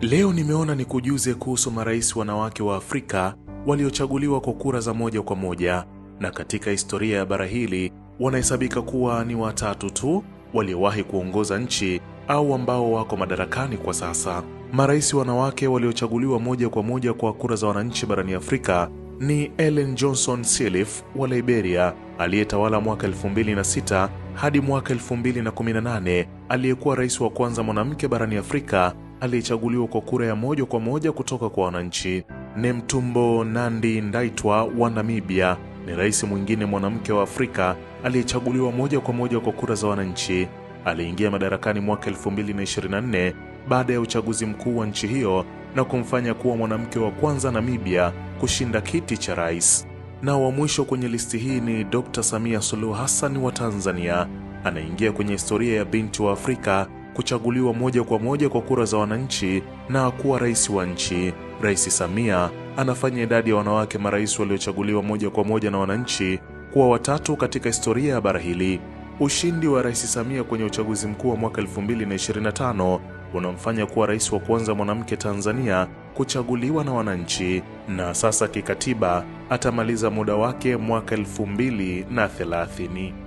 Leo nimeona nikujuze kuhusu marais wanawake wa Afrika waliochaguliwa kwa kura za moja kwa moja, na katika historia ya bara hili wanahesabika kuwa ni watatu tu waliowahi kuongoza nchi au ambao wako madarakani kwa sasa. Marais wanawake waliochaguliwa moja kwa moja kwa kura za wananchi barani Afrika ni Ellen Johnson Sirleaf wa Liberia aliyetawala mwaka 2006 hadi mwaka 2018, aliyekuwa rais wa kwanza mwanamke barani Afrika aliyechaguliwa kwa kura ya moja kwa moja kutoka kwa wananchi. Nemtumbo Nandi Ndaitwa wa Namibia ni rais mwingine mwanamke wa Afrika aliyechaguliwa moja kwa moja kwa kura za wananchi. Aliingia madarakani mwaka 2024 baada ya uchaguzi mkuu wa nchi hiyo na kumfanya kuwa mwanamke wa kwanza Namibia kushinda kiti cha rais. Na wa mwisho kwenye listi hii ni Dr. Samia Suluhu Hassan wa Tanzania. Anaingia kwenye historia ya binti wa Afrika kuchaguliwa moja kwa moja kwa kura za wananchi na kuwa rais wa nchi. Rais Samia anafanya idadi ya wanawake marais waliochaguliwa moja kwa moja na wananchi kuwa watatu katika historia ya bara hili. Ushindi wa Rais Samia kwenye uchaguzi mkuu wa mwaka 2025 unamfanya kuwa rais wa kwanza mwanamke Tanzania kuchaguliwa na wananchi, na sasa kikatiba atamaliza muda wake mwaka 2030.